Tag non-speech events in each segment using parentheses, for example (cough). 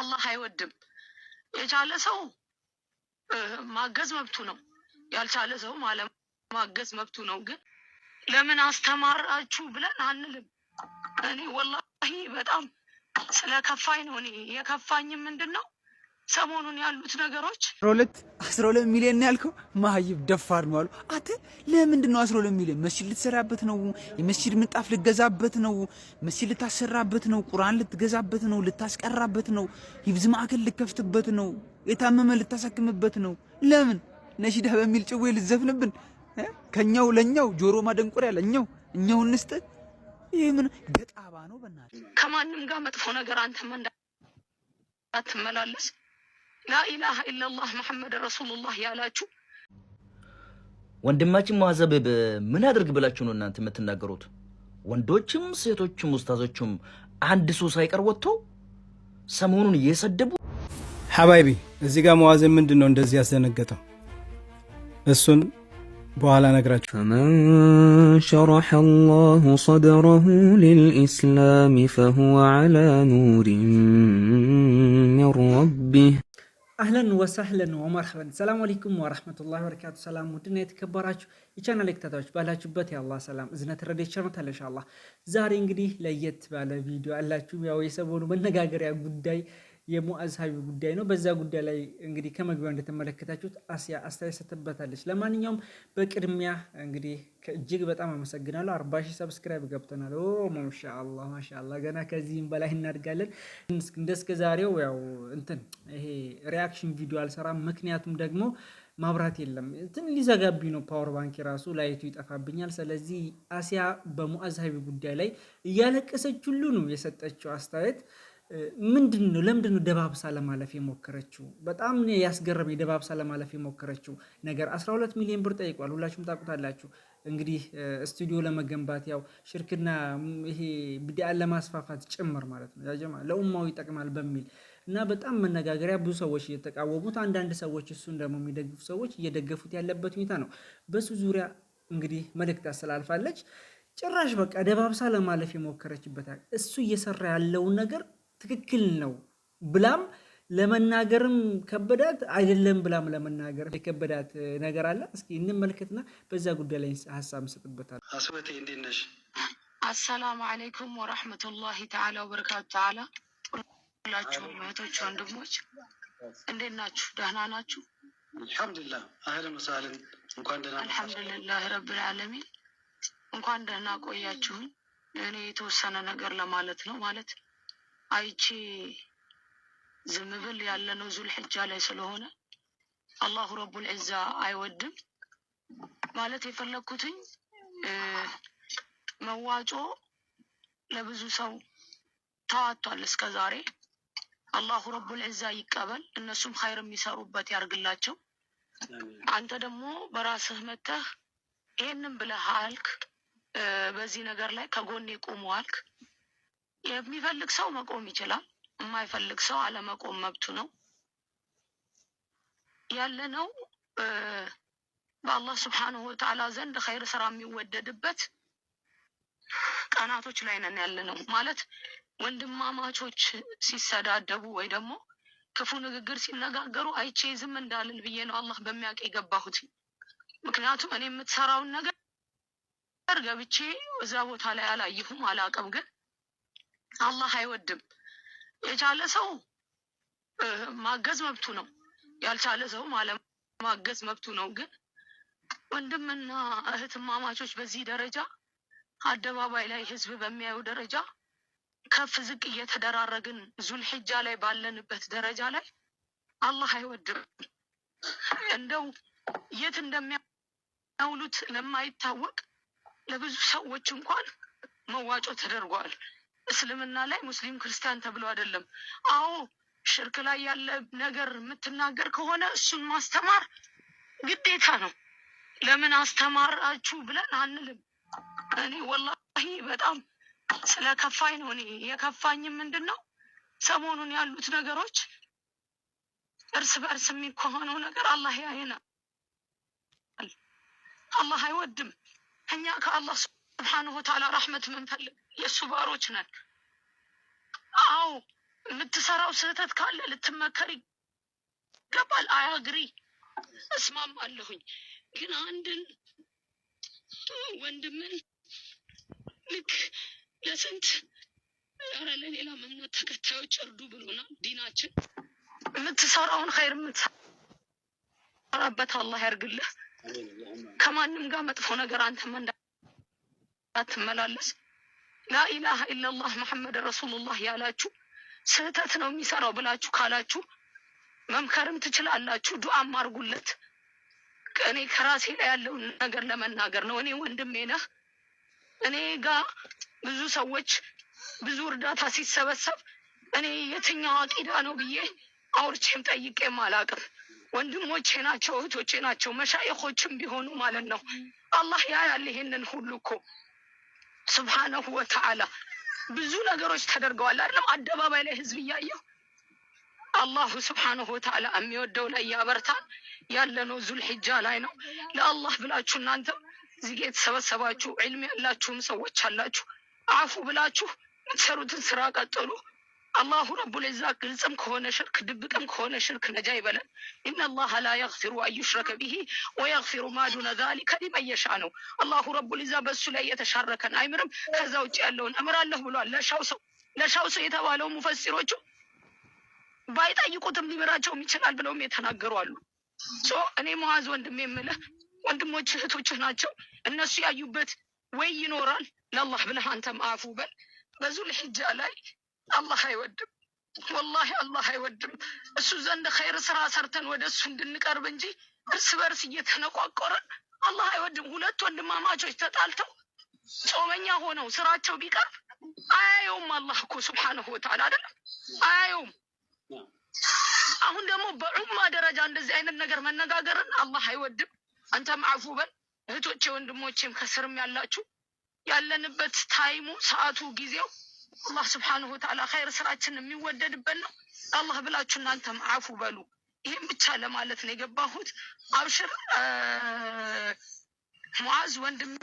አላህ አይወድም። የቻለ ሰው ማገዝ መብቱ ነው፣ ያልቻለ ሰው ማገዝ መብቱ ነው። ግን ለምን አስተማራችሁ ብለን አንልም። እኔ ወላሂ በጣም ስለ ከፋኝ ነው። እኔ የከፋኝም ምንድን ነው ሰሞኑን ያሉት ነገሮች ሁለት አስራ ሁለት ሚሊዮን ያልከው ማህይብ ደፋር ነው አሉ። አንተ ለምንድን ነው አስራ ሁለት ሚሊዮን? መስጂድ ልትሰራበት ነው? የመስጂድ ምንጣፍ ልገዛበት ነው? መስጂድ ልታሰራበት ነው? ቁርአን ልትገዛበት ነው? ልታስቀራበት ነው? ሂብዝ ማዕከል ልከፍትበት ነው? የታመመ ልታሳክምበት ነው? ለምን ነሺዳ በሚል ጭዌ ልዘፍንብን? ከኛው ለኛው ጆሮ ማደንቆሪያ ለኛው እኛው እንስጥ። ይህ ምን ገጣባ ነው? በእናትህ ከማንም ጋር መጥፎ ነገር አንተም ትመላለስ ላኢላሃ ኢለላህ መሐመድ ረሱሉላህ ያላችሁ ወንድማችን ሙአዘብብ ምን አድርግ ብላችሁ ነው እናንተ የምትናገሩት? ወንዶችም ሴቶችም ውስታዞችም አንድ ሰው ሳይቀር ወጥቶ ሰሞኑን እየሰደቡ ሐባይቢ እዚህ ጋር ሙአዘብ ምንድን ነው እንደዚህ ያስደነገጠው? እሱን በኋላ ነግራችሁ። ፈመን ሸረሐ አላሁ ሰድረሁ ሊልኢስላሚ ፈሁወ ዐላ ኑሪን ሚን ረቢህ አህለን ወሳህለን ወመርሐበን ሰላም አለይኩም ወራህመቱላሂ ወበረካቱ። ሰላም ውድና የተከበራችሁ የቻናል ተከታታዮች ባላችሁበት የአላህ ሰላም እዝነት ረድኤት ቸርነት አለ ዛሬ እንግዲህ ለየት ባለ ቪዲዮ አላችሁ። ያው የሰሞኑ መነጋገሪያ ጉዳይ የሙአዝ ሀቢብ ጉዳይ ነው። በዛ ጉዳይ ላይ እንግዲህ ከመግቢያው እንደተመለከታችሁት አስያ አስተያየት ሰጥበታለች። ለማንኛውም በቅድሚያ እንግዲህ እጅግ በጣም አመሰግናለሁ። አርባ ሺህ ሰብስክራይብ ገብተናል። ማሻአላ ማሻአላ፣ ገና ከዚህም በላይ እናድጋለን። እንደስከ ዛሬው ያው እንትን ይሄ ሪያክሽን ቪዲዮ አልሰራም፣ ምክንያቱም ደግሞ ማብራት የለም እንትን ሊዘጋብኝ ነው። ፓወር ባንክ የራሱ ላይቱ ይጠፋብኛል። ስለዚህ አሲያ በሙአዝ ሀቢብ ጉዳይ ላይ እያለቀሰች ሁሉ ነው የሰጠችው አስተያየት ምንድን ነው ለምንድን ነው ደባብሳ ለማለፍ የሞከረችው? በጣም ያስገረመ ደባብሳ ለማለፍ የሞከረችው ነገር 12 ሚሊዮን ብር ጠይቋል። ሁላችሁም ታውቁታላችሁ። እንግዲህ ስቱዲዮ ለመገንባት ያው ሽርክና ይሄ ቢዲአን ለማስፋፋት ጭምር ማለት ነው ያጀማ ለኡማው ይጠቅማል በሚል እና በጣም መነጋገሪያ ብዙ ሰዎች እየተቃወሙት፣ አንዳንድ ሰዎች እሱን ደግሞ የሚደግፉ ሰዎች እየደገፉት ያለበት ሁኔታ ነው። በሱ ዙሪያ እንግዲህ መልእክት አስተላልፋለች። ጭራሽ በቃ ደባብሳ ለማለፍ የሞከረችበት እሱ እየሰራ ያለውን ነገር ትክክል ነው ብላም ለመናገርም ከበዳት አይደለም ብላም ለመናገር የከበዳት ነገር አለ። እስኪ እንመልከትና በዛ ጉዳይ ላይ ሀሳብ እንሰጥበታለን። አስበቴ እንዴት ነሽ? አሰላሙ አለይኩም ወራህመቱላሂ ተዓላ ወበረካቱ። ተዓላ ሁላችሁ እህቶች ወንድሞች እንዴት ናችሁ? ደህና ናችሁ? አልሐምዱሊላህ አህለን እንኳን ደህና አልሐምዱሊላህ ረብል ዓለሚን እንኳን ደህና እኔ የተወሰነ ነገር ለማለት ነው ማለት ነው አይቺ ዝም ብል ያለ ነው ዙል ሕጃ ላይ ስለሆነ አላሁ ረቡል ዒዛ አይወድም። ማለት የፈለግኩትኝ መዋጮ ለብዙ ሰው ተዋቷል እስከ ዛሬ። አላሁ ረቡል ዒዛ ይቀበል፣ እነሱም ኸይር የሚሰሩበት ያርግላቸው። አንተ ደግሞ በራስህ መተህ ይህንም ብለህ አልክ፣ በዚህ ነገር ላይ ከጎኔ ቁሙ አልክ። የሚፈልግ ሰው መቆም ይችላል። የማይፈልግ ሰው አለመቆም መብቱ ነው። ያለነው በአላህ ስብሓንሁ ወተዓላ ዘንድ ኸይር ስራ የሚወደድበት ቀናቶች ላይ ነን ያለነው ማለት ወንድማማቾች ሲሰዳደቡ ወይ ደግሞ ክፉ ንግግር ሲነጋገሩ አይቼ ዝም እንዳልል ብዬ ነው አላህ በሚያውቅ የገባሁት። ምክንያቱም እኔ የምትሰራውን ነገር ገብቼ እዛ ቦታ ላይ አላየሁም አላውቅም ግን አላህ አይወድም። የቻለ ሰው ማገዝ መብቱ ነው፣ ያልቻለ ሰው ማገዝ መብቱ ነው። ግን ወንድምና እህትማማቾች በዚህ ደረጃ አደባባይ ላይ ህዝብ በሚያዩ ደረጃ ከፍ ዝቅ እየተደራረግን ዙልሂጃ ላይ ባለንበት ደረጃ ላይ አላህ አይወድም። እንደው የት እንደሚያውሉት ለማይታወቅ ለብዙ ሰዎች እንኳን መዋጮ ተደርጓል። እስልምና ላይ ሙስሊም ክርስቲያን ተብሎ አይደለም። አዎ ሽርክ ላይ ያለ ነገር የምትናገር ከሆነ እሱን ማስተማር ግዴታ ነው። ለምን አስተማራችሁ ብለን አንልም። እኔ ወላሂ በጣም ስለ ከፋኝ ነው። እኔ የከፋኝም ምንድን ነው ሰሞኑን ያሉት ነገሮች እርስ በእርስ የሚከሆነው ነገር አላህ ያይና አላህ አይወድም። እኛ ከአላህ ስብሓንሁ ወተዓላ ረሕመት ምንፈልግ የእሱ ባሮች ነን። አዎ የምትሰራው ስህተት ካለ ልትመከር ይገባል። አያግሪ እስማማለሁኝ። ግን አንድን ወንድምን ልክ ለስንት ኧረ ለሌላ እምነት ተከታዮች እርዱ ብሎናል ዲናችን። የምትሰራውን ኸይር የምትሰራበት አላህ ያርግልህ። ከማንም ጋር መጥፎ ነገር አንተም እንዳትመላለስ ላኢላሃ ኢለላህ መሐመድ ረሱሉላህ ያላችሁ ስህተት ነው የሚሰራው ብላችሁ ካላችሁ መምከርም ትችላላችሁ፣ ዱዓም አድርጉለት እኔ ከራሴ ላይ ያለውን ነገር ለመናገር ነው። እኔ ወንድሜ ነህ። እኔ ጋ ብዙ ሰዎች ብዙ እርዳታ ሲሰበሰብ እኔ የትኛው አቂዳ ነው ብዬ አውርቼም ጠይቄም አላቅም። ወንድሞቼ ናቸው፣ እህቶቼ ናቸው፣ መሻይኾችም ቢሆኑ ማለት ነው። አላህ ያያል ይሄንን ሁሉ እኮ ስብሓነሁ ወተዓላ ብዙ ነገሮች ተደርገዋል። አይደለም አደባባይ ላይ ህዝብ እያየው አላሁ ስብሓነሁ ወተዓላ የሚወደው ላይ ያበርታል። ያለነው ዙልሒጃ ላይ ነው። ለአላህ ብላችሁ እናንተ እዚህ የተሰበሰባችሁ ዕልም ያላችሁም ሰዎች አላችሁ፣ አፉ ብላችሁ የምትሰሩትን ስራ ቀጥሉ። አላሁ ረቡል ዒዛ ግልጽም ከሆነ ሽርክ ድብቅም ከሆነ ሽርክ ነጃ ይበለን። ኢነላህ ላ የግፊሩ አንዩሽረከ ቢሂ ወየግፊሩ ማዱነ ዛሊከ ሊመን የሻእ ነው። አላሁ ረቡል ዒዛ በእሱ ላይ የተሻረከን አይምርም፣ ከዛ ውጭ ያለውን እምራለሁ ብሏል። ለሻው ሰው ለሻው ሰው የተባለው ሙፈሲሮቹ ባይጠይቁትም ሊምራቸውም ይችላል ብለውም የተናገሩ አሉ። እኔ መዋዝ ወንድሜ የምልህ ወንድሞች እህቶችህ ናቸው። እነሱ ያዩበት ወይ ይኖራል። ለአላህ ብለህ አንተም አፉ በል በዙል ሒጃ ላይ አላህ አይወድም። ወላሂ አላህ አይወድም። እሱ ዘንድ ኸይር ስራ ሰርተን ወደ እሱ እንድንቀርብ እንጂ እርስ በርስ እየተነቋቆረን አላህ አይወድም። ሁለት ወንድማማቾች ተጣልተው ጾመኛ ሆነው ስራቸው ቢቀርብ አያየውም። አላህ እኮ ስብሓነሁ ወተዓላ አይደለም አያየውም። አሁን ደግሞ በዑማ ደረጃ እንደዚህ አይነት ነገር መነጋገርን አላህ አይወድም። አንተም አፉ በል እህቶቼ፣ ወንድሞቼም ከስርም ያላችሁ ያለንበት ታይሙ ሰዓቱ ጊዜው አላህ ስብሓንሁ ተዓላ ኸይር ስራችን የሚወደድበት ነው። አላህ ብላችሁ እናንተም አፉ በሉ። ይህም ብቻ ለማለት ነው የገባሁት። አብሽር ሙዓዝ ወንድሜ፣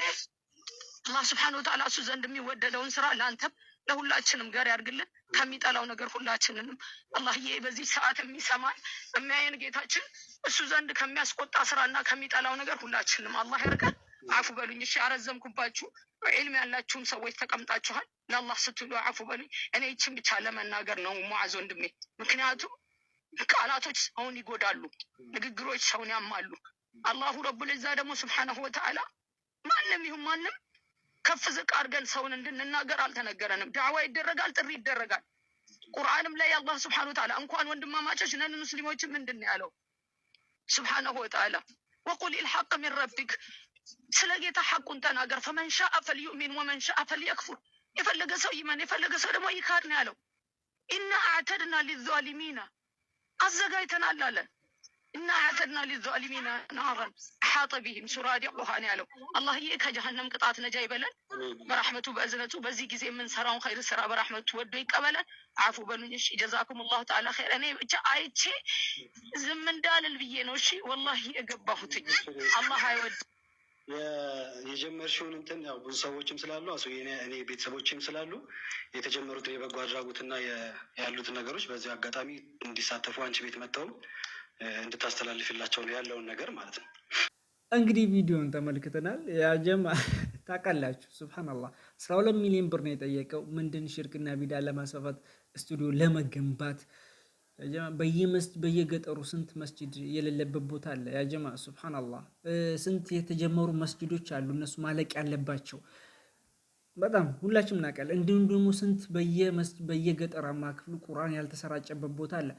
አላህ ስብሓንሁ ተዓላ እሱ ዘንድ የሚወደደውን ስራ ለአንተም ለሁላችንም ገር ያድርግልን። ከሚጠላው ነገር ሁላችንንም አላህዬ፣ በዚህ ሰዓት የሚሰማን የሚያየን ጌታችን እሱ ዘንድ ከሚያስቆጣ ስራና ከሚጠላው ነገር ሁላችንም አላህ ያርቀን። አፉ በሉኝ። እሺ አረዘምኩባችሁ። ዕልም ያላችሁም ሰዎች ተቀምጣችኋል። ለአላህ ስትሉ አፉ በሉኝ። እኔ ይችን ብቻ ለመናገር ነው ሙዓዝ ወንድሜ። ምክንያቱም ቃላቶች ሰውን ይጎዳሉ፣ ንግግሮች ሰውን ያማሉ። አላሁ ረቡ ደግሞ ስብሓነሁ ወተዓላ ማንም ይሁን ማንም ከፍ ዝቅ አድርገን ሰውን እንድንናገር አልተነገረንም። ዳዕዋ ይደረጋል፣ ጥሪ ይደረጋል። ቁርአንም ላይ አላህ ስብሓነሁ ወተዓላ እንኳን ወንድማማቾች ነን ሙስሊሞችን ምንድን ያለው? ስብሓነሁ ወተዓላ ወቁል ልሐቅ ምን ረቢክ ስለ ጌታ ሐቁን ተናገር። ፈመንሻ ፈልዩእሚን ወመንሻ ፈልየክፉር። የፈለገ ሰው ይመን፣ የፈለገ ሰው ደግሞ ይካድ ነው ያለው። እና አዕተድና ሊዛሊሚና አዘጋጅተናል አለ። እና አዕተድና ሊዛሊሚና ናረን አሓጠ ቢህም ሱራዲቁሃ ነው ያለው። አላህዬ ከጀሃነም ቅጣት ነጃ ይበለን በራሕመቱ በእዝነቱ። በዚህ ጊዜ የምንሰራውን ኸይር ስራ በራሕመቱ ወዶ ይቀበለን። አፉ በሉኝ እሺ። ጀዛኩም ላሁ ተዓላ ኸይር። እኔ ብቻ አይቼ ዝም እንዳልል ብዬ ነው እሺ። ወላሂ የገባሁትኝ አላህ አይወድ የጀመርሽውን እንትን ያው ብዙ ሰዎችም ስላሉ አሱ እኔ ቤተሰቦችም ስላሉ የተጀመሩትን የበጎ አድራጎትና ያሉትን ነገሮች በዚህ አጋጣሚ እንዲሳተፉ አንቺ ቤት መጥተውም እንድታስተላልፍላቸው ነው ያለውን ነገር ማለት ነው። እንግዲህ ቪዲዮን ተመልክተናል። ያጀማ (laughs) ታውቃላችሁ፣ ሱብሃነላህ አስራ ሁለት ሚሊዮን ብር ነው የጠየቀው። ምንድን ሽርክና ቢዳ ለማስፋፋት ስቱዲዮ ለመገንባት በየገጠሩ ስንት መስጅድ የሌለበት ቦታ አለ። ያጀማ ሱብሃነላህ፣ ስንት የተጀመሩ መስጅዶች አሉ እነሱ ማለቅ ያለባቸው በጣም ሁላችንም እናውቃለን። እንዲሁም ደግሞ ስንት በየገጠራማ ክፍሉ ቁርአን ያልተሰራጨበት ቦታ አለ።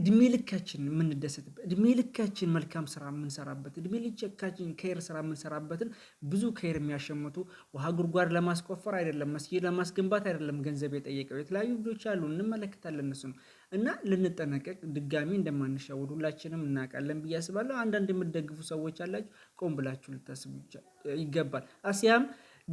እድሜ ልካችን የምንደሰትበት፣ እድሜ ልካችን መልካም ስራ የምንሰራበት፣ እድሜ ልካችን ከይር ስራ የምንሰራበትን ብዙ ከይር የሚያሸምቱ ውሃ ጉድጓድ ለማስቆፈር አይደለም መስጊድ ለማስገንባት አይደለም ገንዘብ የጠየቀው የተለያዩ ልጆች አሉ፣ እንመለከታለን እነሱ ነው እና ልንጠነቀቅ ድጋሚ እንደማንሻወድ ሁላችንም እናውቃለን ብዬ አስባለሁ። አንዳንድ የምትደግፉ ሰዎች አላችሁ፣ ቆም ብላችሁ ልታስቡ ይገባል። አሲያም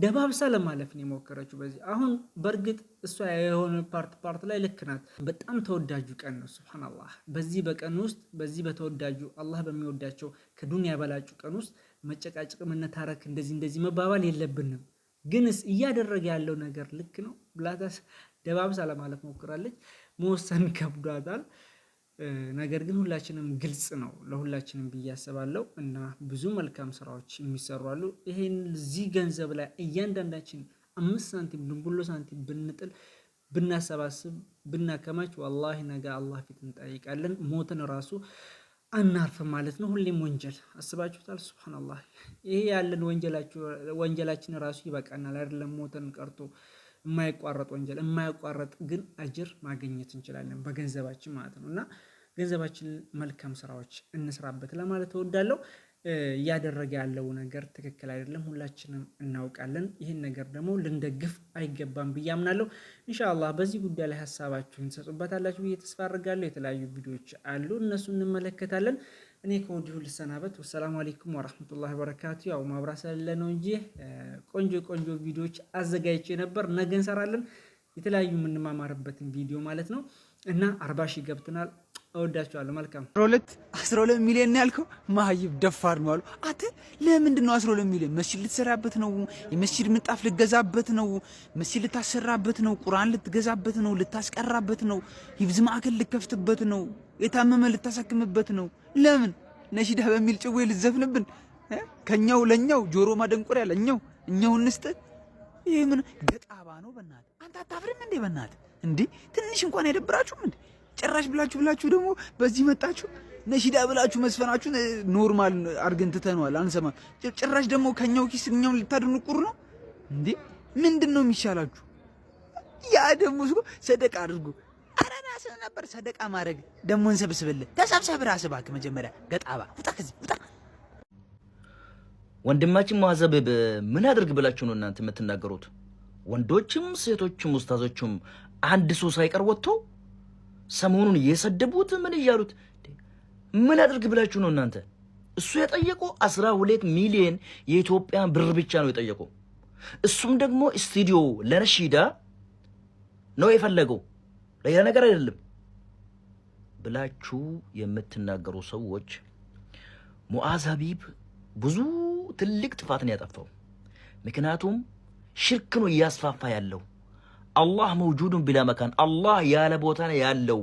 ደባብሳ ለማለፍ ነው የሞከረችው በዚህ አሁን በእርግጥ እሷ የሆነ ፓርት ፓርት ላይ ልክ ናት። በጣም ተወዳጁ ቀን ነው። ሱብሃነላህ በዚህ በቀን ውስጥ በዚህ በተወዳጁ አላህ በሚወዳቸው ከዱንያ በላጩ ቀን ውስጥ መጨቃጨቅ፣ መነታረክ፣ እንደዚህ እንደዚህ መባባል የለብንም። ግንስ እያደረገ ያለው ነገር ልክ ነው ብላታስ ደባብሳ ለማለፍ ሞክራለች። መወሰን ከብዷታል። ነገር ግን ሁላችንም ግልጽ ነው ለሁላችንም ብዬ አስባለሁ እና ብዙ መልካም ስራዎች የሚሰሩ አሉ። ይሄን እዚህ ገንዘብ ላይ እያንዳንዳችን አምስት ሳንቲም ድንቡሎ ሳንቲም ብንጥል ብናሰባስብ ብናከማች ወላሂ ነገ አላህ ፊት እንጠይቃለን። ሞትን ራሱ አናርፍ ማለት ነው። ሁሌም ወንጀል አስባችሁታል? ሱብሃነላህ ይሄ ያለን ወንጀላችን ራሱ ይበቃናል። አይደለም ሞትን ቀርቶ የማይቋረጥ ወንጀል የማይቋረጥ ግን አጅር ማግኘት እንችላለን በገንዘባችን ማለት ነው። እና ገንዘባችንን መልካም ስራዎች እንስራበት ለማለት እወዳለሁ። እያደረገ ያለው ነገር ትክክል አይደለም፣ ሁላችንም እናውቃለን። ይህን ነገር ደግሞ ልንደግፍ አይገባም ብዬ አምናለሁ። ኢንሻአላህ በዚህ ጉዳይ ላይ ሀሳባችሁን ትሰጡበታላችሁ ብዬ ተስፋ አድርጋለሁ። የተለያዩ ቪዲዮዎች አሉ፣ እነሱ እንመለከታለን። እኔ ከወዲሁ ልሰናበት። ወሰላሙ አሌይኩም ወረህመቱላሂ ወበረካቱ። ያው ማብራት ስለሌለ ነው እንጂ ቆንጆ ቆንጆ ቪዲዮዎች አዘጋጅቼ ነበር። ነገ እንሰራለን የተለያዩ የምንማማርበትን ቪዲዮ ማለት ነው እና አርባ ሺህ ገብተናል። እወዳቸዋለሁ። መልካም አስራ ሁለት ሚሊዮን ያልከው ማህይብ ደፋር ነው አሉ። አንተ ለምንድን ነው ሁለት ሚሊዮን? መስጂድ ልትሰራበት ነው? የመስጂድ ምንጣፍ ልገዛበት ነው? መስጂድ ልታሰራበት ነው? ቁርአን ልትገዛበት ነው? ልታስቀራበት ነው? ሂብዝ ማዕከል ልከፍትበት ነው? የታመመ ልታሳክምበት ነው? ለምን ነሺዳ በሚል ጭዌ ልዘፍንብን? ከኛው ለኛው ጆሮ ማደንቆር ለኛው እኛው እንስጥ። ይሄ ምን ገጣባ ነው? በናት አንተ አታፍርም እንዴ? በናት እንዲህ ትንሽ እንኳን አይደብራችሁም እንዴ? ጭራሽ ብላችሁ ብላችሁ ደግሞ በዚህ መጣችሁ ነሺዳ ብላችሁ መስፈናችሁን ኖርማል አድርገን ትተነዋል፣ አንሰማ። ጭራሽ ደግሞ ከኛው ኪስ እኛውን ልታድኑ ቁር ነው እንዴ? ምንድን ነው የሚሻላችሁ? ያ ደግሞ ሰደቃ አድርጉ። ኧረ እራስህ ነበር ሰደቃ ማድረግ። ደግሞ እንሰብስብልህ። ተሰብሰብ ራስ እባክህ። መጀመሪያ ገጣባ ውጣ፣ ከዚህ ውጣ። ወንድማችን ሙአዘብ ምን አድርግ ብላችሁ ነው እናንተ የምትናገሩት? ወንዶችም ሴቶችም ኡስታዞችም አንድ ሰው ሳይቀር ወጥተው ሰሞኑን እየሰደቡት ምን እያሉት ምን አድርግ ብላችሁ ነው እናንተ? እሱ የጠየቀው አስራ ሁለት ሚሊዮን የኢትዮጵያ ብር ብቻ ነው የጠየቀው። እሱም ደግሞ ስቱዲዮ ለረሺዳ ነው የፈለገው፣ ሌላ ነገር አይደለም ብላችሁ የምትናገሩ ሰዎች ሙአዝ ሀቢብ ብዙ ትልቅ ጥፋትን ያጠፋው ምክንያቱም ሽርክ ነው እያስፋፋ ያለው አላህ መውጁዱን ቢላ መካን አላህ ያለ ቦታ ያለው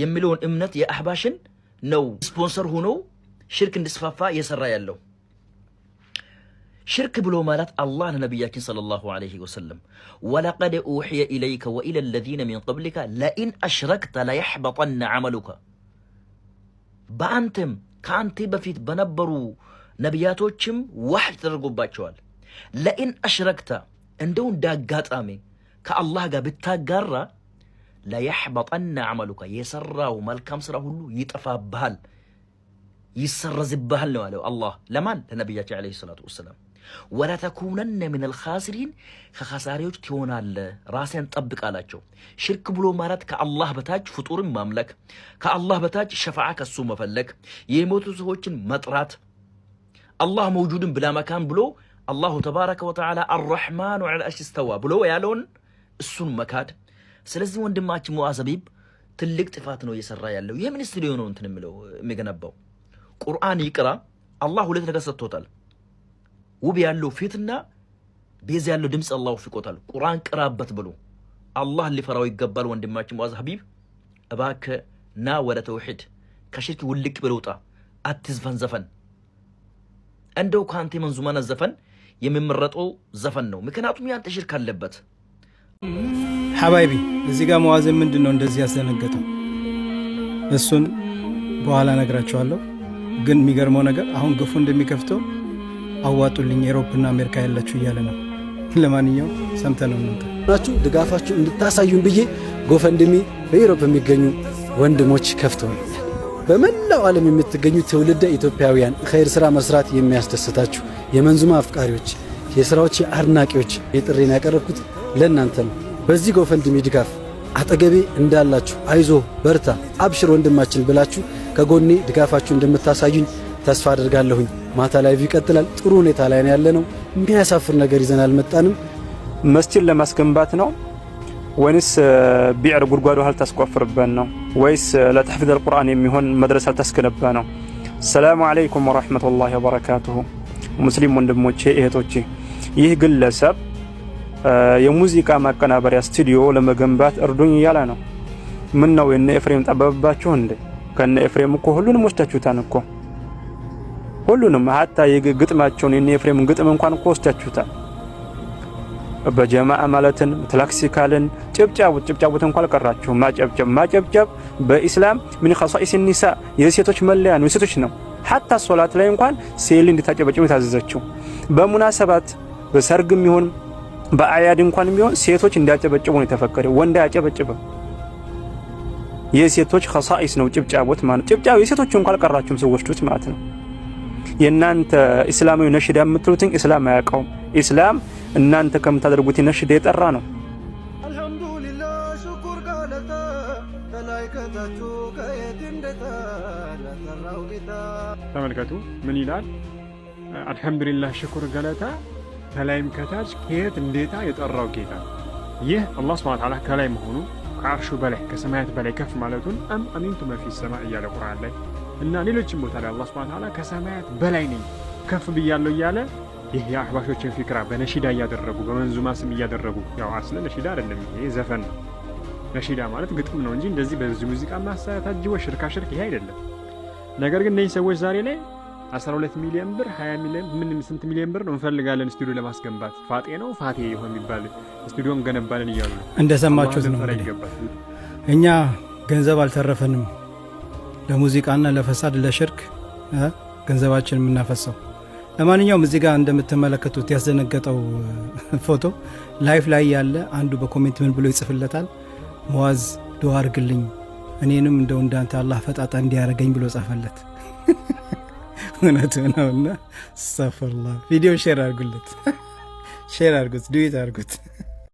የሚለውን እምነት የአህባሽን ነው ስፖንሰር ሆኖ ሽርክ እንዲስፋፋ እየሰራ ያለው። ሽርክ ብሎ ማለት አላህን ነቢያችን ሰለላሁ ዐለይሂ ወሰለም ወለቀድ ኡሕየ ኢለይከ ወኢለ ለዚነ ሚን ቀብሊከ ለኢን አሽረክተ ለየሕበጠነ ዐመሉከ በአንተም ከአንተ በፊት በነበሩ ነቢያቶችም ዋሕይ ተደርጎባቸዋል። ለኢን አሽረክተ እንደው እንዳጋጣሚ ከአላህ ጋር ብታጋራ ለያሕበጠና አመሉካ የሰራው መልካም ስራ ሁሉ ይጠፋብሃል፣ ይሰረዝብሃል ነው ያለው አላህ ለማን ለነቢያችን ዓለይሂ ሰላቱ ወሰላም። ወላ ተኩነነ ሚነል ከኻሳሪዎች ትሆናለህ፣ ራስህን ጠብቅ አላቸው። ሽርክ ብሎ ማለት ከአላህ በታች ፍጡርን ማምለክ፣ ከአላህ በታች ሸፋዓ ከሱ መፈለግ፣ የሞቱ ሰዎችን መጥራት፣ አላህ መውጁድን ብላ መካን ብሎ አላሁ ተባረከ ወተዓላ አርረሕማኑ ዐለል አርሽ እስተዋ ብሎ ያለውን እሱን መካድ። ስለዚህ ወንድማችን ሙዓዝ ሀቢብ ትልቅ ጥፋት ነው እየሰራ ያለው። ይህ ምን ስቱዲዮ ነው እንትን የምለው የሚገነባው? ቁርአን ይቅራ። አላህ ሁለት ነገር ሰጥቶታል። ውብ ያለው ፊትና ቤዝ ያለው ድምፅ አላህ ወፍቆታል። ቁርአን ቅራበት ብሎ አላህ ሊፈራው ይገባል። ወንድማችን ሙዓዝ ሀቢብ እባክህ ና ወደ ተውሒድ ከሽርክ ውልቅ ብለውጣ አትዝፈን ዘፈን እንደው ከአንተ መንዙማና ዘፈን የሚመረጠው ዘፈን ነው። ምክንያቱም ያንተ ሽርክ አለበት። ሐባይቢ እዚህ ጋር መዋዘን ምንድን ነው እንደዚህ ያስደነገጠው? እሱን በኋላ ነግራችኋለሁ። ግን የሚገርመው ነገር አሁን ግፉ እንደሚከፍተው አዋጡልኝ ኤሮፕና አሜሪካ ያላችሁ እያለ ነው። ለማንኛውም ሰምተነው ናችሁ ድጋፋችሁ እንድታሳዩን ብዬ ጎፈንድሚ በኢሮፕ የሚገኙ ወንድሞች ከፍተዋል። በመላው ዓለም የምትገኙ ትውልደ ኢትዮጵያውያን ኸይር ሥራ መስራት የሚያስደስታችሁ የመንዙማ አፍቃሪዎች፣ የሥራዎች አድናቂዎች የጥሬን ያቀረብኩት ለእናንተ ነው። በዚህ ጎፈንድሚ ድጋፍ አጠገቤ እንዳላችሁ አይዞ በርታ፣ አብሽር ወንድማችን ብላችሁ ከጎኔ ድጋፋችሁ እንደምታሳዩኝ ተስፋ አድርጋለሁኝ። ማታ ላይቭ ይቀጥላል። ጥሩ ሁኔታ ላይ ነው ያለነው። የሚያሳፍር ነገር ይዘን አልመጣንም። መስጂድ ለማስገንባት ነው ወይንስ ቢዕር ጉድጓዶ አልታስቆፍርበን ነው ወይስ ለተሕፊዝ አልቁርአን የሚሆን መድረስ አልታስገነባ ነው? ሰላሙ አለይኩም ወራህመቱላሂ ወበረካቱሁ። ሙስሊም ወንድሞቼ እህቶቼ ይህ ግለሰብ የሙዚቃ ማቀናበሪያ ስቱዲዮ ለመገንባት እርዱኝ እያለ ነው። ምን ነው የነ ኤፍሬም ጠበበባችሁ እንዴ? ከነ ኤፍሬም እኮ ሁሉንም ወስዳችሁታን እኮ ሁሉንም ሀታ የግጥማቸውን የነ ኤፍሬም ግጥም እንኳን እኮ ወስዳችሁታል። በጀማዓ ማለትን ክላሲካልን ጭብጫቡት ጭብጫቡት እንኳን አልቀራችሁ። ማጨብጨብ ማጨብጨብ በኢስላም ምን ኸሷኢስ ኒሳ የሴቶች መለያ ነው፣ የሴቶች ነው። ሀታ ሶላት ላይ እንኳን ሴል እንድታጨበጭቡ የታዘዘችው በሙናሰባት በሰርግም ይሁን በአያድ እንኳን ቢሆን ሴቶች እንዲያጨበጭቡ ነው የተፈቀደ። ወንድ አያጨበጭብም። የሴቶች ኸሳኢስ ነው ጭብጫቦት ማለት ጭብጫቦ የሴቶች እንኳ አልቀራችሁም ስወስዱት ማለት ነው። የእናንተ እስላማዊ ነሽዳ የምትሉትን እስላም አያውቀውም። እስላም እናንተ ከምታደርጉት ነሽዳ የጠራ ነው። ተመልከቱ ምን ይላል? አልሐምዱሊላህ ሽኩር ገለታ ከላይም ከታች ከየት እንዴታ የጠራው ጌታ ይህ አላህ ስብሐነ ወተዓላ ከላይ መሆኑ ከአርሹ በላይ ከሰማያት በላይ ከፍ ማለቱን አም አሚንቱ መፊ ሰማ እያለ ቁርአን ላይ እና ሌሎችም ቦታ ላይ አላህ ስብሐነ ወተዓላ ከሰማያት በላይ ነኝ ከፍ ብያለሁ እያለ ይህ የአሕባሾችን ፊክራ በነሺዳ እያደረጉ በመንዙማ ስም እያደረጉ ያው አስለ ነሺዳ አይደለም፣ ይሄ ዘፈን ነው። ነሺዳ ማለት ግጥም ነው እንጂ እንደዚህ በዚህ ሙዚቃ ማሳያ ታጅቦ ሽርካ ሽርክ ይሄ አይደለም። ነገር ግን እነዚህ ሰዎች ዛሬ ላይ 12 ሚሊዮን ብር 20 ሚሊዮን ምን ስንት ሚሊዮን ብር ነው እንፈልጋለን ስቱዲዮ ለማስገንባት ፋጤ ነው ፋቴ ይሆን የሚባል ስቱዲዮን ገነባልን እያሉ እንደሰማችሁት ነው። እኛ ገንዘብ አልተረፈንም። ለሙዚቃና ለፈሳድ ለሽርክ ገንዘባችን የምናፈሰው። ለማንኛውም እዚህ ጋር እንደምትመለከቱት ያስደነገጠው ፎቶ ላይፍ ላይ ያለ አንዱ በኮሜንት ምን ብሎ ይጽፍለታል፣ መዋዝ ዶ አድርግልኝ እኔንም እንደው እንዳንተ አላህ ፈጣጣ እንዲያደርገኝ ብሎ ጻፈለት። እውነት ነውና ሰፈርላ ቪዲዮ ሼር አርጉለት፣ ሼር አርጉት፣ ዱዊት አርጉት።